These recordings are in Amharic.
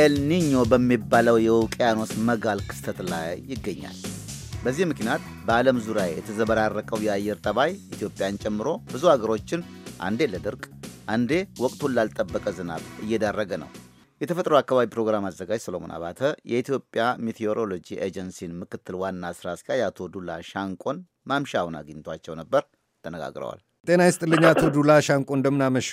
ኤልኒኞ በሚባለው የውቅያኖስ መጋል ክስተት ላይ ይገኛል። በዚህ ምክንያት በዓለም ዙሪያ የተዘበራረቀው የአየር ጠባይ ኢትዮጵያን ጨምሮ ብዙ አገሮችን አንዴ ለድርቅ አንዴ ወቅቱን ላልጠበቀ ዝናብ እየዳረገ ነው። የተፈጥሮ አካባቢ ፕሮግራም አዘጋጅ ሰሎሞን አባተ የኢትዮጵያ ሜቴዎሮሎጂ ኤጀንሲን ምክትል ዋና ስራ አስኪያጅ አቶ ዱላ ሻንቆን ማምሻውን አግኝቷቸው ነበር። ተነጋግረዋል። ጤና ይስጥልኝ አቶ ዱላ ሻንቆ እንደምናመሹ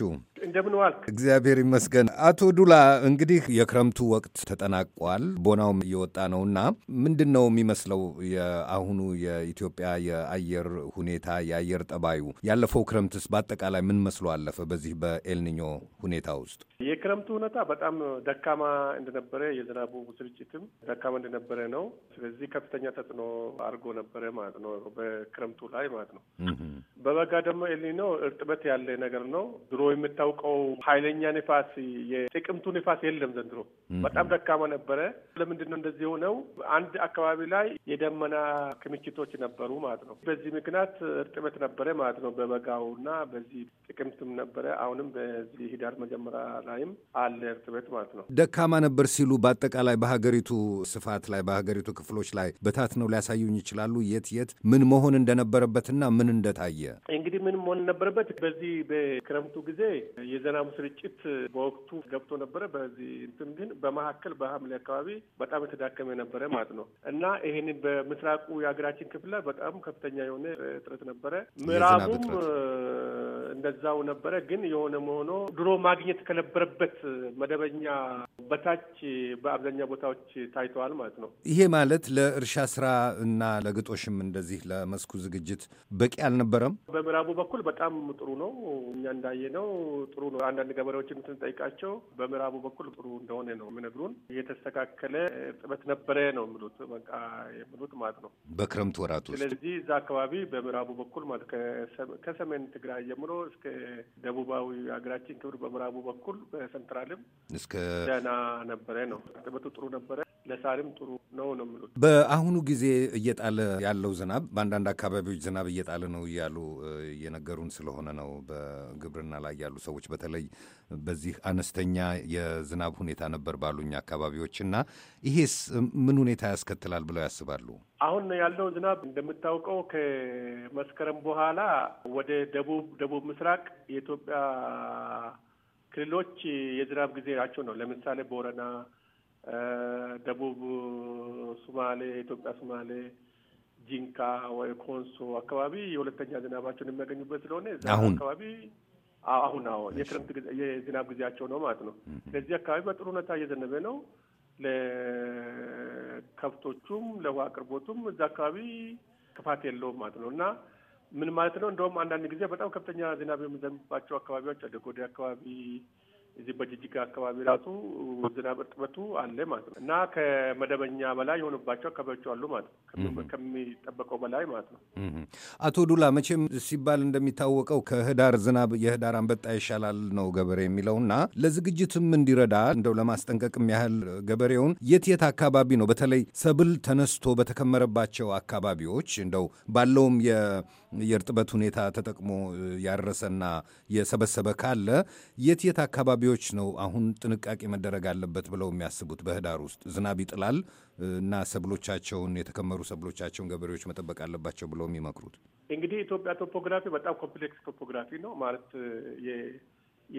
እንደምን ዋልክ? እግዚአብሔር ይመስገን። አቶ ዱላ እንግዲህ የክረምቱ ወቅት ተጠናቋል፣ ቦናውም እየወጣ ነውና ምንድን ነው የሚመስለው የአሁኑ የኢትዮጵያ የአየር ሁኔታ የአየር ጠባዩ? ያለፈው ክረምትስ በአጠቃላይ ምን መስሎ አለፈ? በዚህ በኤልኒኞ ሁኔታ ውስጥ የክረምቱ ሁኔታ በጣም ደካማ እንደነበረ የዝናቡ ስርጭትም ደካማ እንደነበረ ነው። ስለዚህ ከፍተኛ ተጽዕኖ አድርጎ ነበረ ማለት ነው በክረምቱ ላይ ማለት ነው። በበጋ ደግሞ ኤልኒኖ እርጥበት ያለ ነገር ነው ድሮ የምታው እንደምናውቀው ኃይለኛ ንፋስ የጥቅምቱ ንፋስ የለም ዘንድሮ በጣም ደካማ ነበረ። ለምንድን ነው እንደዚህ የሆነው? አንድ አካባቢ ላይ የደመና ክምችቶች ነበሩ ማለት ነው። በዚህ ምክንያት እርጥበት ነበረ ማለት ነው። በበጋው እና በዚህ ጥቅምትም ነበረ። አሁንም በዚህ ሂዳር መጀመሪያ ላይም አለ እርጥበት ማለት ነው። ደካማ ነበር ሲሉ በአጠቃላይ በሀገሪቱ ስፋት ላይ በሀገሪቱ ክፍሎች ላይ በታት ነው ሊያሳዩኝ ይችላሉ? የት የት ምን መሆን እንደነበረበትና ምን እንደታየ እንግዲህ ምን መሆን ነበረበት በዚህ በክረምቱ ጊዜ የዜናሙ ስርጭት በወቅቱ ገብቶ ነበረ። በዚህ እንትን ግን በመካከል በሐምሌ አካባቢ በጣም የተዳከመ ነበረ ማለት ነው እና ይሄንን በምስራቁ የሀገራችን ክፍል ላይ በጣም ከፍተኛ የሆነ እጥረት ነበረ። ምዕራቡም እንደዛው ነበረ። ግን የሆነ መሆኖ ድሮ ማግኘት ከነበረበት መደበኛ በታች በአብዛኛው ቦታዎች ታይተዋል ማለት ነው። ይሄ ማለት ለእርሻ ስራ እና ለግጦሽም እንደዚህ ለመስኩ ዝግጅት በቂ አልነበረም። በምዕራቡ በኩል በጣም ጥሩ ነው። እኛ ነው ጥሩ ነው። አንዳንድ ገበሬዎችን ስንጠይቃቸው በምዕራቡ በኩል ጥሩ እንደሆነ ነው የሚነግሩን። የተስተካከለ እርጥበት ነበረ ነው የሚሉት በቃ የሚሉት ማለት ነው በክረምት ወራት ውስጥ። ስለዚህ እዛ አካባቢ በምዕራቡ በኩል ማለት ከሰሜን ትግራይ ጀምሮ እስከ ደቡባዊ ሀገራችን ክብር በምዕራቡ በኩል በሰንትራልም እስከ ደህና ነበረ ነው። እርጥበቱ ጥሩ ነበረ። ለሳርም ጥሩ ነው ነው የምሉት። በአሁኑ ጊዜ እየጣለ ያለው ዝናብ በአንዳንድ አካባቢዎች ዝናብ እየጣለ ነው እያሉ እየነገሩን ስለሆነ ነው በግብርና ላይ ያሉ ሰዎች በተለይ በዚህ አነስተኛ የዝናብ ሁኔታ ነበር ባሉኝ አካባቢዎች እና ይሄስ ምን ሁኔታ ያስከትላል ብለው ያስባሉ? አሁን ያለው ዝናብ እንደምታውቀው ከመስከረም በኋላ ወደ ደቡብ ደቡብ ምስራቅ የኢትዮጵያ ክልሎች የዝናብ ጊዜ ናቸው ነው ለምሳሌ ቦረና ደቡብ ሱማሌ፣ የኢትዮጵያ ሱማሌ፣ ጂንካ ወይ ኮንሶ አካባቢ የሁለተኛ ዝናባቸውን የሚያገኙበት ስለሆነ እዛ አካባቢ አሁን አሁን የክረምት የዝናብ ጊዜያቸው ነው ማለት ነው። ስለዚህ አካባቢ በጥሩ ሁኔታ እየዘነበ ነው። ለከብቶቹም ለውሃ አቅርቦቱም እዛ አካባቢ ክፋት የለውም ማለት ነው እና ምን ማለት ነው? እንደውም አንዳንድ ጊዜ በጣም ከፍተኛ ዝናብ የሚዘንብባቸው አካባቢዎች አደጎዴ አካባቢ እዚህ በጅጅጋ አካባቢ ራሱ ዝናብ እርጥበቱ አለ ማለት ነው እና ከመደበኛ በላይ የሆኑባቸው አካባቢዎች አሉ ማለት ነው፣ ከሚጠበቀው በላይ ማለት ነው። አቶ ዱላ መቼም ሲባል እንደሚታወቀው ከህዳር ዝናብ የህዳር አንበጣ ይሻላል ነው ገበሬ የሚለው እና ለዝግጅትም እንዲረዳ እንደው ለማስጠንቀቅም ያህል ገበሬውን የት የት አካባቢ ነው በተለይ ሰብል ተነስቶ በተከመረባቸው አካባቢዎች እንደው ባለውም የእርጥበት ሁኔታ ተጠቅሞ ያረሰና የሰበሰበ ካለ የት የት አካባቢ አካባቢዎች ነው አሁን ጥንቃቄ መደረግ አለበት ብለው የሚያስቡት? በህዳር ውስጥ ዝናብ ይጥላል እና ሰብሎቻቸውን የተከመሩ ሰብሎቻቸውን ገበሬዎች መጠበቅ አለባቸው ብለው የሚመክሩት? እንግዲህ ኢትዮጵያ ቶፖግራፊ በጣም ኮምፕሌክስ ቶፖግራፊ ነው ማለት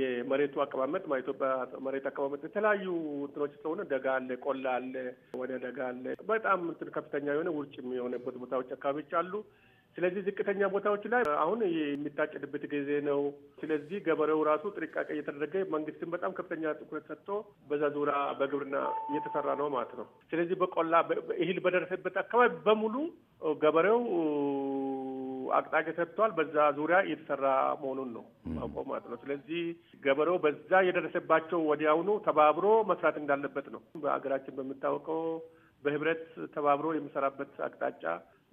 የመሬቱ አቀማመጥ ኢትዮጵያ መሬት አቀማመጥ የተለያዩ እንትኖች ስለሆነ ደጋ አለ፣ ቆላ አለ፣ ወደ ደጋ አለ። በጣም እንትን ከፍተኛ የሆነ ውርጭ የሚሆነበት ቦታዎች አካባቢዎች አሉ። ስለዚህ ዝቅተኛ ቦታዎች ላይ አሁን የሚታጨድበት ጊዜ ነው። ስለዚህ ገበሬው ራሱ ጥንቃቄ እየተደረገ መንግስትም በጣም ከፍተኛ ትኩረት ሰጥቶ በዛ ዙሪያ በግብርና እየተሰራ ነው ማለት ነው። ስለዚህ በቆላ እህል በደረሰበት አካባቢ በሙሉ ገበሬው አቅጣጫ ሰጥቷል። በዛ ዙሪያ እየተሰራ መሆኑን ነው ማውቀው ማለት ነው። ስለዚህ ገበሬው በዛ የደረሰባቸው ወዲያውኑ ተባብሮ መስራት እንዳለበት ነው በሀገራችን በሚታወቀው በህብረት ተባብሮ የሚሰራበት አቅጣጫ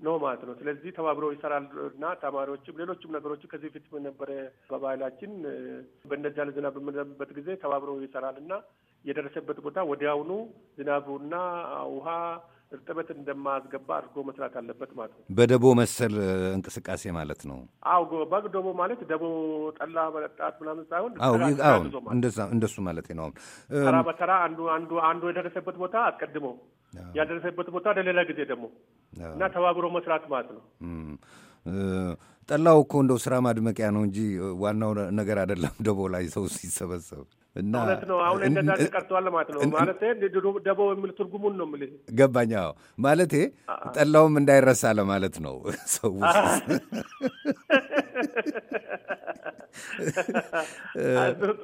ነው ማለት ነው። ስለዚህ ተባብሮ ይሰራል እና ተማሪዎችም ሌሎችም ነገሮች ከዚህ በፊት በነበረ በባህላችን በእነዚያ ዝናብ በምንዘንብበት ጊዜ ተባብሮ ይሰራል እና የደረሰበት ቦታ ወዲያውኑ ዝናቡና ውሃ እርጥበት እንደማያስገባ አድርጎ መስራት አለበት ማለት ነው። በደቦ መሰል እንቅስቃሴ ማለት ነው። አው በግ ደቦ ማለት ደቦ ጠላ መጠጣት ምናምን ሳይሆን እንደሱ ማለት ነው። ተራ በተራ አንዱ አንዱ አንዱ የደረሰበት ቦታ አስቀድመው ያደረሰበት ቦታ ለሌላ ጊዜ ደግሞ እና ተባብሮ መስራት ማለት ነው። ጠላው እኮ እንደው ስራ ማድመቂያ ነው እንጂ ዋናው ነገር አይደለም። ደቦ ላይ ሰው ሲሰበሰብ እና ማለት ነው። አሁን እንደዛ ቀርተዋል ማለት ነው። ማለት ደቦ የሚል ትርጉሙን ነው የምልህ። ገባኝ። አዎ ማለቴ ጠላውም እንዳይረሳ ለማለት ነው። ሰው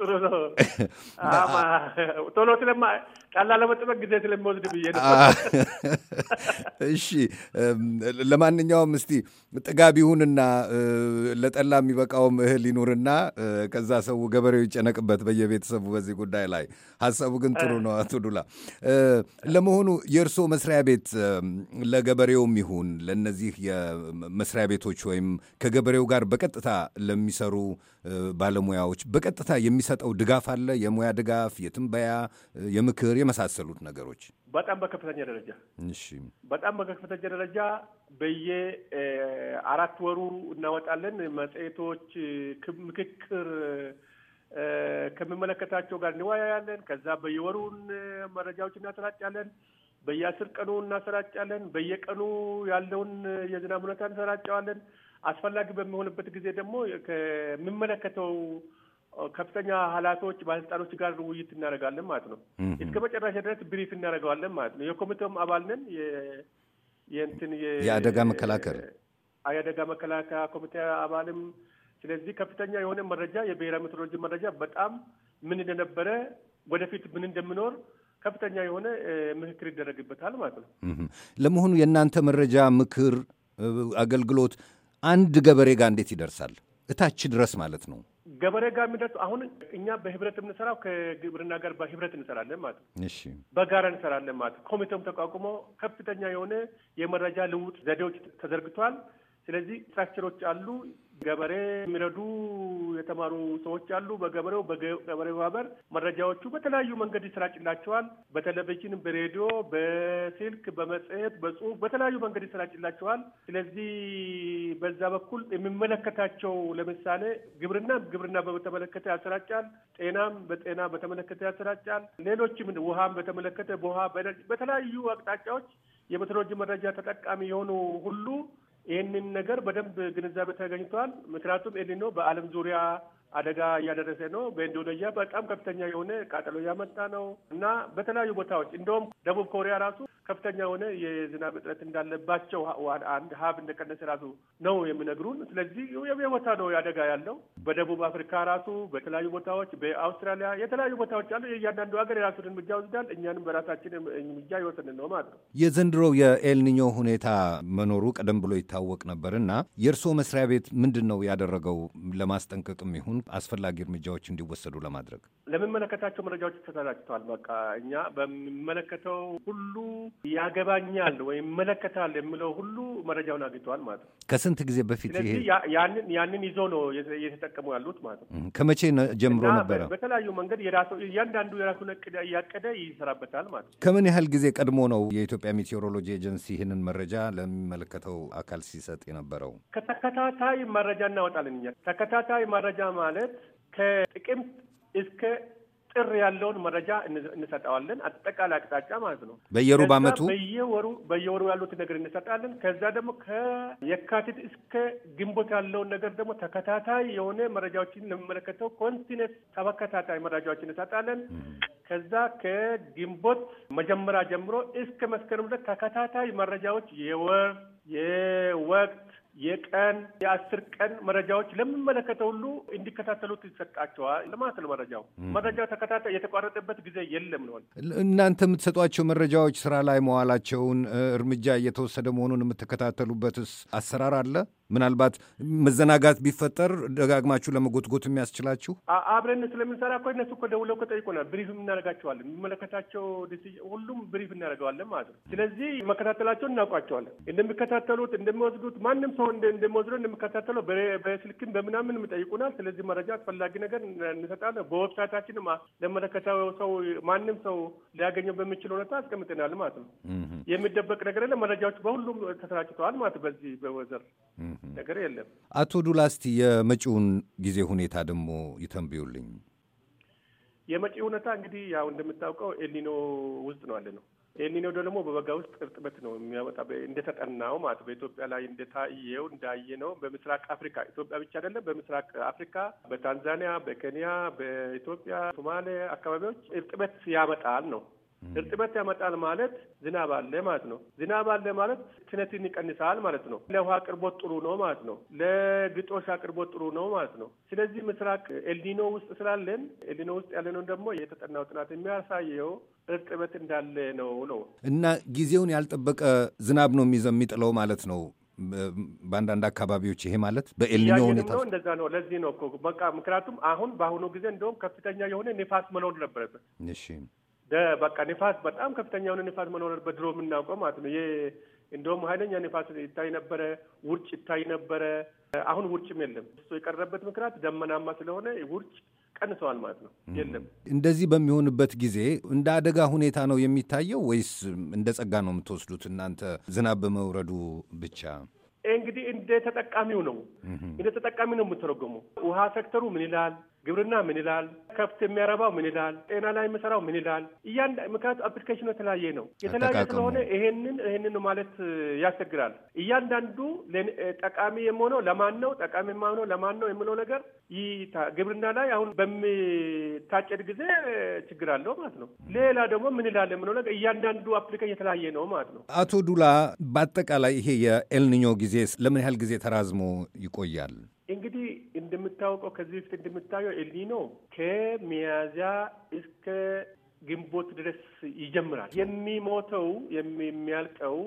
ጥሩ ነው ቶሎ ቀላል ለመጠበቅ ጊዜ ስለሚወስድ ብዬ ነው። እሺ፣ ለማንኛውም እስቲ ጥጋብ ይሁንና ለጠላ የሚበቃውም እህል ይኑርና ከዛ ሰው ገበሬው ይጨነቅበት በየቤተሰቡ በዚህ ጉዳይ ላይ። ሀሳቡ ግን ጥሩ ነው። አቶ ዱላ፣ ለመሆኑ የእርስዎ መስሪያ ቤት ለገበሬውም ይሁን ለእነዚህ የመስሪያ ቤቶች ወይም ከገበሬው ጋር በቀጥታ ለሚሰሩ ባለሙያዎች በቀጥታ የሚሰጠው ድጋፍ አለ? የሙያ ድጋፍ፣ የትንበያ፣ የምክር የመሳሰሉት ነገሮች በጣም በከፍተኛ ደረጃ እሺ፣ በጣም በከፍተኛ ደረጃ በየ አራት ወሩ እናወጣለን መጽሔቶች፣ ምክክር ከሚመለከታቸው ጋር እንወያያለን። ከዛ በየወሩን መረጃዎች እናሰራጫለን። በየአስር ቀኑ እናሰራጫለን። በየቀኑ ያለውን የዝናብ ሁኔታ እንሰራጨዋለን። አስፈላጊ በሚሆንበት ጊዜ ደግሞ ከሚመለከተው ከፍተኛ ኃላፊዎች ባለስልጣኖች ጋር ውይይት እናደርጋለን ማለት ነው። እስከ መጨረሻ ድረስ ብሪፍ እናደርገዋለን ማለት ነው። የኮሚቴውም አባል ነን። የእንትን የአደጋ መከላከል የአደጋ መከላከያ ኮሚቴ አባልም። ስለዚህ ከፍተኛ የሆነ መረጃ የብሔራዊ ሜትሮሎጂ መረጃ በጣም ምን እንደነበረ ወደፊት ምን እንደሚኖር ከፍተኛ የሆነ ምክክር ይደረግበታል ማለት ነው። ለመሆኑ የእናንተ መረጃ ምክር አገልግሎት አንድ ገበሬ ጋር እንዴት ይደርሳል? እታች ድረስ ማለት ነው። ገበሬ ጋር የሚደርሱ አሁን እኛ በህብረት የምንሰራው ከግብርና ጋር በህብረት እንሰራለን ማለት ነው። በጋራ እንሰራለን ማለት ኮሚቴውም ተቋቁሞ ከፍተኛ የሆነ የመረጃ ልውጥ ዘዴዎች ተዘርግቷል። ስለዚህ ስትራክቸሮች አሉ። ገበሬ የሚረዱ የተማሩ ሰዎች አሉ። በገበሬው በገበሬ ማህበር መረጃዎቹ በተለያዩ መንገድ ይሰራጭላቸዋል። በቴሌቪዥን፣ በሬዲዮ፣ በስልክ፣ በመጽሔት፣ በጽሁፍ በተለያዩ መንገድ ይሰራጭላቸዋል። ስለዚህ በዛ በኩል የሚመለከታቸው ለምሳሌ ግብርና ግብርና በተመለከተ ያሰራጫል። ጤናም በጤና በተመለከተ ያሰራጫል። ሌሎችም ውሃም በተመለከተ በውሃ በተለያዩ አቅጣጫዎች የሜትሮሎጂ መረጃ ተጠቃሚ የሆኑ ሁሉ ይህንን ነገር በደንብ ግንዛቤ ተገኝቷል። ምክንያቱም ኤልኒኖ በዓለም ዙሪያ አደጋ እያደረሰ ነው። በኢንዶኔዥያ በጣም ከፍተኛ የሆነ ቃጠሎ እያመጣ ነው እና በተለያዩ ቦታዎች እንደውም ደቡብ ኮሪያ ራሱ ከፍተኛ የሆነ የዝናብ እጥረት እንዳለባቸው አንድ ሀብ እንደቀነሰ ራሱ ነው የሚነግሩን። ስለዚህ የቦታ ነው ያደጋ ያለው በደቡብ አፍሪካ ራሱ በተለያዩ ቦታዎች በአውስትራሊያ የተለያዩ ቦታዎች አሉ። እያንዳንዱ ሀገር የራሱን እርምጃ ወስዳል። እኛንም በራሳችን እርምጃ ይወስን ነው ማለት ነው። የዘንድሮው የኤልኒኞ ሁኔታ መኖሩ ቀደም ብሎ ይታወቅ ነበር እና የእርስዎ መስሪያ ቤት ምንድን ነው ያደረገው ለማስጠንቀቅም ይሁን አስፈላጊ እርምጃዎች እንዲወሰዱ ለማድረግ? ለሚመለከታቸው መረጃዎች ተሰራጭተዋል። በቃ እኛ በሚመለከተው ሁሉ ያገባኛል ወይም ይመለከታል የምለው ሁሉ መረጃውን አግኝተዋል ማለት ነው። ከስንት ጊዜ በፊት ይሄ ያንን ያንን ይዞ ነው እየተጠቀሙ ያሉት ማለት ነው። ከመቼ ጀምሮ ነበረ? በተለያዩ መንገድ የራሱ እያንዳንዱ የራሱን እያቀደ ይሰራበታል ማለት ነው። ከምን ያህል ጊዜ ቀድሞ ነው የኢትዮጵያ ሜቴዎሮሎጂ ኤጀንሲ ይህንን መረጃ ለሚመለከተው አካል ሲሰጥ የነበረው? ከተከታታይ መረጃ እናወጣለን እኛ። ተከታታይ መረጃ ማለት ከጥቅምት እስከ ጥር ያለውን መረጃ እንሰጠዋለን። አጠቃላይ አቅጣጫ ማለት ነው። በየሩብ ዓመቱ በየወሩ በየወሩ ያሉትን ነገር እንሰጣለን። ከዛ ደግሞ ከየካቲት እስከ ግንቦት ያለውን ነገር ደግሞ ተከታታይ የሆነ መረጃዎችን ለሚመለከተው ኮንቲኔንስ ተበከታታይ መረጃዎችን እንሰጣለን። ከዛ ከግንቦት መጀመሪያ ጀምሮ እስከ መስከረም ድረስ ተከታታይ መረጃዎች የወር የወቅት የቀን የአስር ቀን መረጃዎች ለሚመለከተው ሁሉ እንዲከታተሉት ይሰጣቸዋል ለማለት ነው። መረጃው መረጃው ተከታተ የተቋረጠበት ጊዜ የለም ነው። እናንተ የምትሰጧቸው መረጃዎች ስራ ላይ መዋላቸውን እርምጃ እየተወሰደ መሆኑን የምትከታተሉበትስ አሰራር አለ? ምናልባት መዘናጋት ቢፈጠር ደጋግማችሁ ለመጎትጎት የሚያስችላችሁ አብረን ስለምንሰራ እኮ እነሱ እኮ ደውለው እኮ ብሪፍ እናደርጋቸዋለን። የሚመለከታቸው ሁሉም ብሪፍ እናደርገዋለን ማለት ነው። ስለዚህ መከታተላቸውን እናውቋቸዋለን። እንደሚከታተሉት እንደሚወስዱት፣ ማንም ሰው እንደሚወስደው እንደሚከታተለው በስልክም በምናምን ጠይቁናል። ስለዚህ መረጃ አስፈላጊ ነገር እንሰጣለን። በዌብሳይታችን ለመለከታዊ ሰው ማንም ሰው ሊያገኘው በሚችል ሁኔታ አስቀምጠናል ማለት ነው። የሚደበቅ ነገር የለም። መረጃዎች በሁሉም ተሰራጭተዋል ማለት በዚህ በወዘር ነገር የለም። አቶ ዱላስቲ የመጪውን ጊዜ ሁኔታ ደግሞ ይተንብዩልኝ። የመጪ ሁኔታ እንግዲህ ያው እንደምታውቀው ኤልኒኖ ውስጥ ነው ያለ ነው። ኤልኒኖ ደግሞ በበጋ ውስጥ እርጥበት ነው የሚያወጣ እንደተጠናው ማለት በኢትዮጵያ ላይ እንደታየው እንዳየ ነው። በምስራቅ አፍሪካ ኢትዮጵያ ብቻ አይደለም፣ በምስራቅ አፍሪካ በታንዛኒያ፣ በኬንያ፣ በኢትዮጵያ፣ ሶማሌ አካባቢዎች እርጥበት ያመጣል ነው እርጥበት ያመጣል ማለት ዝናብ አለ ማለት ነው። ዝናብ አለ ማለት ትነትን ይቀንሳል ማለት ነው። ለውሃ አቅርቦት ጥሩ ነው ማለት ነው። ለግጦሽ አቅርቦት ጥሩ ነው ማለት ነው። ስለዚህ ምስራቅ ኤልኒኖ ውስጥ ስላለን ኤልኒኖ ውስጥ ያለነውን ደግሞ የተጠናው ጥናት የሚያሳየው እርጥበት እንዳለ ነው ነው እና ጊዜውን ያልጠበቀ ዝናብ ነው የሚጥለው ማለት ነው በአንዳንድ አካባቢዎች ይሄ ማለት በኤልኒኖ ሁኔታ እንደዛ ነው። ለዚህ ነው በቃ ምክንያቱም አሁን በአሁኑ ጊዜ እንደውም ከፍተኛ የሆነ ንፋስ መኖር ነበረበት። እሺ በቃ ንፋስ በጣም ከፍተኛ የሆነ ንፋስ መኖር በድሮ የምናውቀው ማለት ነው። ይሄ እንደውም ኃይለኛ ንፋስ ይታይ ነበረ፣ ውርጭ ይታይ ነበረ። አሁን ውርጭም የለም። እሱ የቀረበት ምክንያት ደመናማ ስለሆነ ውርጭ ቀንሰዋል ማለት ነው። የለም። እንደዚህ በሚሆንበት ጊዜ እንደ አደጋ ሁኔታ ነው የሚታየው ወይስ እንደ ጸጋ ነው የምትወስዱት እናንተ ዝናብ በመውረዱ ብቻ? እንግዲህ እንደ ተጠቃሚው ነው እንደ ተጠቃሚ ነው የምተረጎመው። ውሃ ሴክተሩ ምን ይላል? ግብርና ምን ይላል፣ ከብት የሚያረባው ምን ይላል፣ ጤና ላይ የምሰራው ምን ይላል። እያንዳ ምክንያቱ አፕሊኬሽኑ የተለያየ ነው። የተለያየ ስለሆነ ይሄንን ይሄንን ማለት ያስቸግራል። እያንዳንዱ ጠቃሚ የምሆነው ለማን ነው፣ ጠቃሚ የማሆነው ለማን ነው የሚለው ነገር ግብርና ላይ አሁን በሚታጨድ ጊዜ ችግር አለው ማለት ነው። ሌላ ደግሞ ምን ይላል የምለው ነገር እያንዳንዱ አፕሊኬሽን የተለያየ ነው ማለት ነው። አቶ ዱላ፣ በአጠቃላይ ይሄ የኤልኒኞ ጊዜ ለምን ያህል ጊዜ ተራዝሞ ይቆያል? እንግዲህ እንደምታውቀው ከዚህ በፊት እንደምታየው ኤልኒኖ ከሚያዝያ እስከ ግንቦት ድረስ ይጀምራል። የሚሞተው የሚያልቀው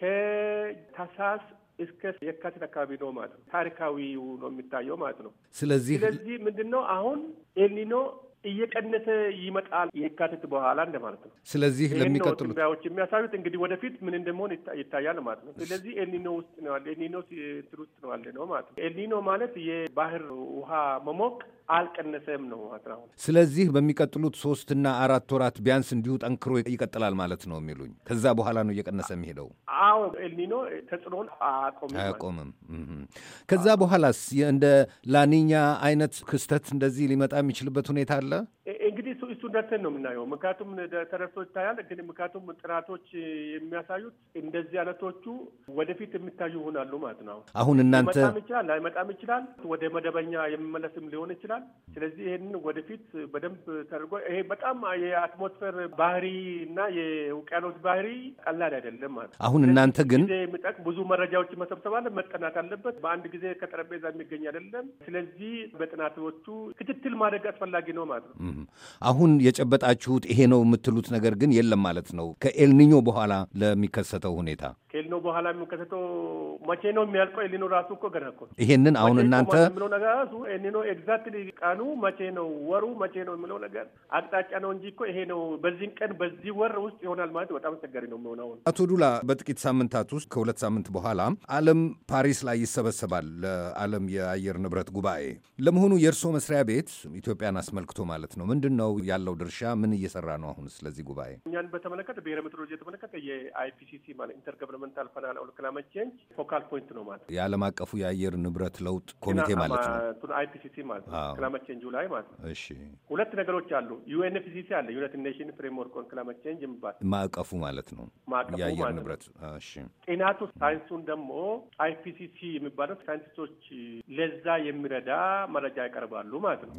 ከታሳስ እስከ የካቲት አካባቢ ነው ማለት ነው። ታሪካዊው ነው የሚታየው ማለት ነው። ስለዚህ ስለዚህ ምንድን ነው አሁን ኤልኒኖ እየቀነሰ ይመጣል የካቲት በኋላ እንደማለት ነው። ስለዚህ ለሚቀጥሉት ትንበያዎች የሚያሳዩት እንግዲህ ወደፊት ምን እንደመሆን ይታያል ማለት ነው። ስለዚህ ኤልኒኖ ውስጥ ነው ኤልኒኖ እንትን ውስጥ ነው ነው ማለት ነው። ኤልኒኖ ማለት የባህር ውሃ መሞቅ አልቀነሰም ነው ማለት ነው። ስለዚህ በሚቀጥሉት ሶስትና አራት ወራት ቢያንስ እንዲሁ ጠንክሮ ይቀጥላል ማለት ነው የሚሉኝ። ከዛ በኋላ ነው እየቀነሰ የሚሄደው። አዎ ኤልኒኖ ተጽዕኖን አያቆምም አያቆምም። ከዛ በኋላስ እንደ ላኒኛ አይነት ክስተት እንደዚህ ሊመጣ የሚችልበት ሁኔታ አለ። Butler? እንግዲህ እሱ ደርሰን ነው የምናየው። ምክንያቱም ተረድቶ ይታያል። ግን ምክንያቱም ጥናቶች የሚያሳዩት እንደዚህ አይነቶቹ ወደፊት የሚታዩ ይሆናሉ ማለት ነው። አሁን እናንተ መጣም ይችላል ላይመጣም ይችላል፣ ወደ መደበኛ የሚመለስም ሊሆን ይችላል። ስለዚህ ይህንን ወደፊት በደንብ ተደርጎ ይሄ በጣም የአትሞስፌር ባህሪ እና የውቅያኖስ ባህሪ ቀላል አይደለም ማለት አሁን እናንተ ግን የሚጠቅ ብዙ መረጃዎች መሰብሰብ አለ መጠናት አለበት። በአንድ ጊዜ ከጠረጴዛ የሚገኝ አይደለም። ስለዚህ በጥናቶቹ ክትትል ማድረግ አስፈላጊ ነው ማለት ነው። አሁን የጨበጣችሁት ይሄ ነው የምትሉት ነገር ግን የለም ማለት ነው ከኤልኒኞ በኋላ ለሚከሰተው ሁኔታ ከኤልኖ በኋላ የሚከሰተው መቼ ነው የሚያልቀው? ኤልኖ ራሱ እኮ ገና እኮ ይሄንን አሁን እናንተ የሚለው ነገር ራሱ ኤልኖ ኤግዛክትሊ ቀኑ መቼ ነው፣ ወሩ መቼ ነው የሚለው ነገር አቅጣጫ ነው እንጂ እኮ ይሄ ነው በዚህን ቀን በዚህ ወር ውስጥ ይሆናል ማለት በጣም አስቸጋሪ ነው የሚሆነው። አቶ ዱላ፣ በጥቂት ሳምንታት ውስጥ ከሁለት ሳምንት በኋላ ዓለም ፓሪስ ላይ ይሰበሰባል ለዓለም የአየር ንብረት ጉባኤ። ለመሆኑ የእርስዎ መስሪያ ቤት ኢትዮጵያን አስመልክቶ ማለት ነው ምንድን ነው ያለው ድርሻ? ምን እየሰራ ነው አሁን ስለዚህ ጉባኤ? እኛን በተመለከተ ብሔረ ሜትሮሎጂ የተመለከተ የአይፒሲሲ ማለት ኢንተርገብረ ኢንቫይሮንመንታል ፋይናል ክላይሜት ቼንጅ ፎካል ፖይንት ነው ማለት ነው። የዓለም አቀፉ የአየር ንብረት ለውጥ ኮሚቴ ማለት ነው፣ አይፒሲሲ ማለት ነው፣ ክላይሜት ቼንጁ ላይ ማለት ነው። እሺ ሁለት ነገሮች አሉ። ዩኤንፒሲሲ አለ፣ ዩናይትድ ኔሽን ፍሬምወርክ ኦን ክላይሜት ቼንጅ የሚባል ማዕቀፉ ማለት ነው፣ ማዕቀፉ የአየር ንብረት። እሺ ጤናቱ ሳይንሱን ደግሞ አይፒሲሲ የሚባለው ሳይንቲስቶች ለዛ የሚረዳ መረጃ ያቀርባሉ ማለት ነው።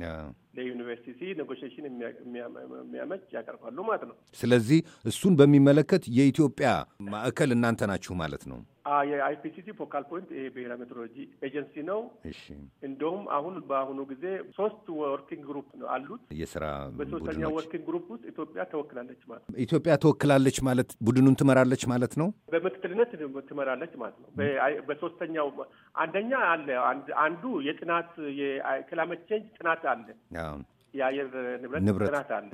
ለዩኒቨርሲቲ ኔጎሽሽን የሚያመች ያቀርባሉ ማለት ነው። ስለዚህ እሱን በሚመለከት የኢትዮጵያ ማዕከል እናንተ ናችሁ ማለት ነው? የአይፒሲሲ ፎካል ፖይንት ይሄ ብሔራዊ ሜትሮሎጂ ኤጀንሲ ነው። እንደውም አሁን በአሁኑ ጊዜ ሶስት ወርኪንግ ግሩፕ አሉት የስራ በሶስተኛ ወርኪንግ ግሩፕ ውስጥ ኢትዮጵያ ተወክላለች ማለት ነው። ኢትዮጵያ ተወክላለች ማለት ቡድኑን ትመራለች ማለት ነው። በምክትልነት ትመራለች ማለት ነው። በሶስተኛው አንደኛ አለ አንዱ የጥናት የክላይሜት ቼንጅ ጥናት አለ የአየር ንብረት ጥናት አለ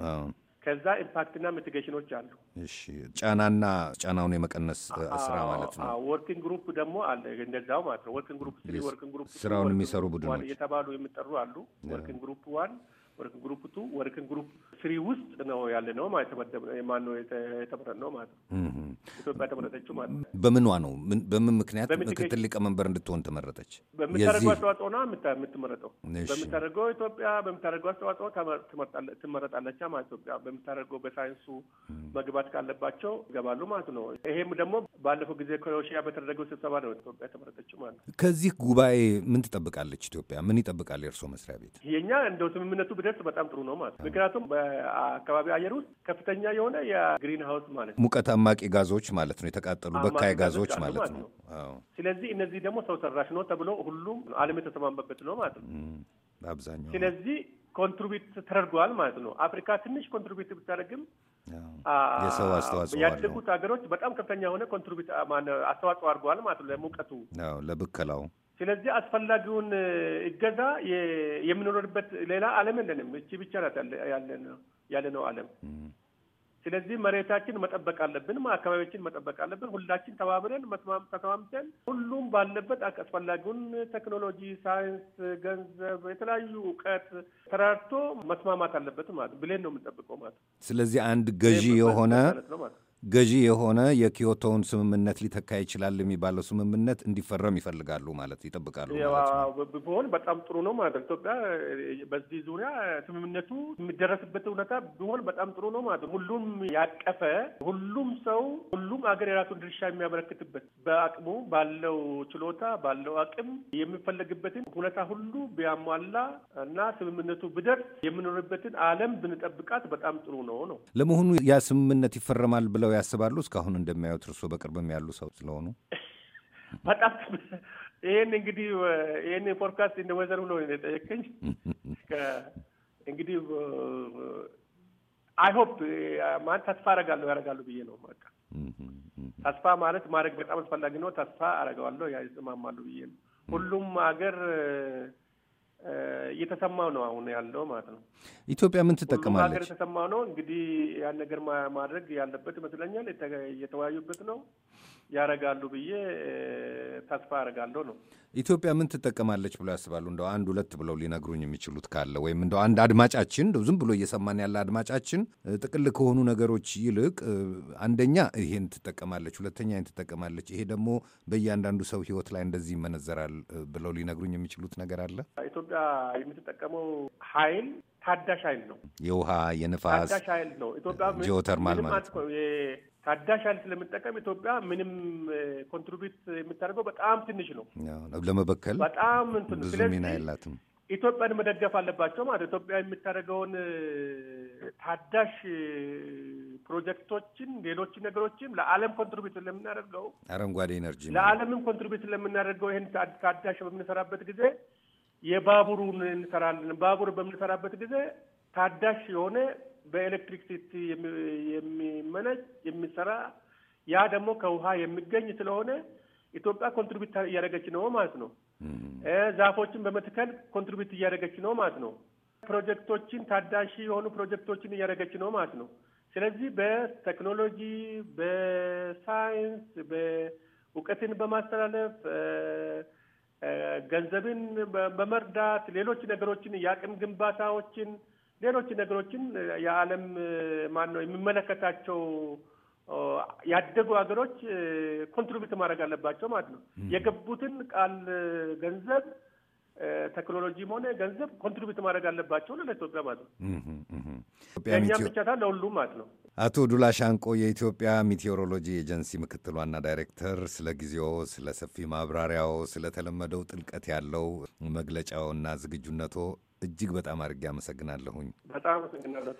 ከዛ ኢምፓክትና ሚቲጌሽኖች አሉ። እሺ ጫናና ጫናውን የመቀነስ ስራ ማለት ነው። ወርኪንግ ግሩፕ ደግሞ አለ እንደዛው ማለት ነው። ወርኪንግ ግሩፕ ስሪ፣ ወርኪንግ ግሩፕ ስራውን የሚሰሩ ቡድኖች እየተባሉ የሚጠሩ አሉ። ወርኪንግ ግሩፕ ዋን ወርክ ግሩፕ ቱ ወርክን ግሩፕ ስሪ ውስጥ ነው ያለ ነው ማነው የተመረጥ ነው ማለት ነው ኢትዮጵያ የተመረጠችው ማለት ነው። በምኗ ነው በምን ምክንያት ምክትል ሊቀመንበር እንድትሆን ተመረጠች? በምታደርገው አስተዋጽኦ ነው የምትመረጠው። በምታደርገው ኢትዮጵያ በምታደርገው አስተዋጽኦ ትመረጣለች ማለት ኢትዮጵያ በምታደርገው በሳይንሱ መግባት ካለባቸው ይገባሉ ማለት ነው። ይሄም ደግሞ ባለፈው ጊዜ ከሮሽያ በተደረገው ስብሰባ ነው ኢትዮጵያ ተመረጠችው ማለት ነው። ከዚህ ጉባኤ ምን ትጠብቃለች ኢትዮጵያ? ምን ይጠብቃል የእርስዎ መስሪያ ቤት? የእኛ እንደው ስምምነቱ ቢደርስ በጣም ጥሩ ነው ማለት ምክንያቱም በአካባቢ አየር ውስጥ ከፍተኛ የሆነ የግሪን ሀውስ ማለት ነው ሙቀት አማቂ ጋዞች ማለት ነው፣ የተቃጠሉ በካይ ጋዞች ማለት ነው። ስለዚህ እነዚህ ደግሞ ሰው ሰራሽ ነው ተብሎ ሁሉም ዓለም የተሰማመበት ነው ማለት ነው በአብዛኛው ስለዚህ ኮንትሪቢዩት ተደርጓል ማለት ነው። አፍሪካ ትንሽ ኮንትሪቢዩት ብታደርግም የሰው አስተዋጽኦ ያደጉት ሀገሮች በጣም ከፍተኛ የሆነ ኮንትሪቢዩት አስተዋጽኦ አድርገዋል ማለት ነው። ለሙቀቱ ለብከላው ስለዚህ አስፈላጊውን እገዛ የምንኖርበት ሌላ ዓለም የለንም። እቺ ብቻ ያለ ነው ዓለም። ስለዚህ መሬታችን መጠበቅ አለብን፣ አካባቢዎችን መጠበቅ አለብን። ሁላችን ተባብረን ተስማምተን ሁሉም ባለበት አስፈላጊውን ቴክኖሎጂ፣ ሳይንስ፣ ገንዘብ፣ የተለያዩ እውቀት ተራርቶ መስማማት አለበት ማለት ብሌን ነው የምንጠብቀው ማለት። ስለዚህ አንድ ገዢ የሆነ ገዢ የሆነ የኪዮቶውን ስምምነት ሊተካ ይችላል የሚባለው ስምምነት እንዲፈረም ይፈልጋሉ ማለት ይጠብቃሉ ቢሆን በጣም ጥሩ ነው ማለት ኢትዮጵያ በዚህ ዙሪያ ስምምነቱ የሚደረስበት እውነታ ቢሆን በጣም ጥሩ ነው ማለት ሁሉም ያቀፈ ሁሉም ሰው ሁሉም አገር የራሱን ድርሻ የሚያበረክትበት በአቅሙ ባለው ችሎታ ባለው አቅም የሚፈለግበትን ሁኔታ ሁሉ ቢያሟላ እና ስምምነቱ ብደርስ የምኖርበትን አለም ብንጠብቃት በጣም ጥሩ ነው ነው። ለመሆኑ ያ ስምምነት ይፈረማል ብለው ብለው ያስባሉ? እስካሁን እንደሚያዩት እርስዎ በቅርብም ያሉ ሰው ስለሆኑ በጣም ይህን እንግዲህ ይህን ፖድካስት እንደ ወዘር ብሎ የጠየቀኝ እንግዲህ አይሆፕ ማለት ተስፋ አረጋለሁ ያረጋሉ ብዬ ነው። በቃ ተስፋ ማለት ማድረግ በጣም አስፈላጊ ነው። ተስፋ አረገዋለሁ፣ ያስማማሉ ብዬ ነው። ሁሉም ሀገር እየተሰማው ነው አሁን ያለው ማለት ነው። ኢትዮጵያ ምን ትጠቀማለች? ሀገር የተሰማው ነው እንግዲህ ያን ነገር ማድረግ ያለበት ይመስለኛል። እየተወያዩበት ነው ያደርጋሉ ብዬ ተስፋ ያደርጋለሁ ነው። ኢትዮጵያ ምን ትጠቀማለች ብሎ ያስባሉ? እንደው አንድ ሁለት ብለው ሊነግሩኝ የሚችሉት ካለ ወይም እንደው አንድ አድማጫችን እንደው ዝም ብሎ እየሰማን ያለ አድማጫችን ጥቅል ከሆኑ ነገሮች ይልቅ አንደኛ ይሄን ትጠቀማለች፣ ሁለተኛ ይሄን ትጠቀማለች፣ ይሄ ደግሞ በእያንዳንዱ ሰው ሕይወት ላይ እንደዚህ ይመነዘራል ብለው ሊነግሩኝ የሚችሉት ነገር አለ? ኢትዮጵያ የምትጠቀመው ኃይል ታዳሽ ኃይል ነው። የውሃ የንፋስ ታዳሽ ኃይል ነው። ኢትዮጵያ ጂኦተርማል ማለት ነው። ታዳሽ ኃይል ስለምጠቀም ኢትዮጵያ ምንም ኮንትሪቢዩት የምታደርገው በጣም ትንሽ ነው። ለመበከል በጣም ብዙ ሚና የላትም። ኢትዮጵያን መደገፍ አለባቸው ማለት ኢትዮጵያ የምታደርገውን ታዳሽ ፕሮጀክቶችን፣ ሌሎች ነገሮችን ለዓለም ኮንትሪቢዩት ለምናደርገው አረንጓዴ ኢነርጂ ለዓለምም ኮንትሪቢዩት ለምናደርገው ይህን ታዳሽ በምንሰራበት ጊዜ የባቡሩን እንሰራለን። ባቡር በምንሰራበት ጊዜ ታዳሽ የሆነ በኤሌክትሪክ ሲቲ የሚመነጭ የሚሰራ ያ ደግሞ ከውሃ የሚገኝ ስለሆነ ኢትዮጵያ ኮንትሪቢዩት እያደረገች ነው ማለት ነው። ዛፎችን በመትከል ኮንትሪቢዩት እያደረገች ነው ማለት ነው። ፕሮጀክቶችን ታዳሽ የሆኑ ፕሮጀክቶችን እያደረገች ነው ማለት ነው። ስለዚህ በቴክኖሎጂ በሳይንስ በእውቀትን በማስተላለፍ ገንዘብን በመርዳት ሌሎች ነገሮችን የአቅም ግንባታዎችን ሌሎች ነገሮችን የዓለም ማን ነው የሚመለከታቸው ያደጉ ሀገሮች ኮንትሪቢዩት ማድረግ አለባቸው ማለት ነው። የገቡትን ቃል ገንዘብ ቴክኖሎጂም ሆነ ገንዘብ ኮንትሪቢዩት ማድረግ አለባቸው ለኢትዮጵያ ማለት ነው። እኛም ብቻ ለሁሉም ማለት ነው። አቶ ዱላ ሻንቆ የኢትዮጵያ ሚቴዎሮሎጂ ኤጀንሲ ምክትል ዋና ዳይሬክተር፣ ስለ ጊዜው፣ ስለ ሰፊ ማብራሪያው፣ ስለተለመደው ጥልቀት ያለው መግለጫውና ዝግጁነቶ እጅግ በጣም አድርጌ አመሰግናለሁኝ። በጣም አመሰግናለሁ።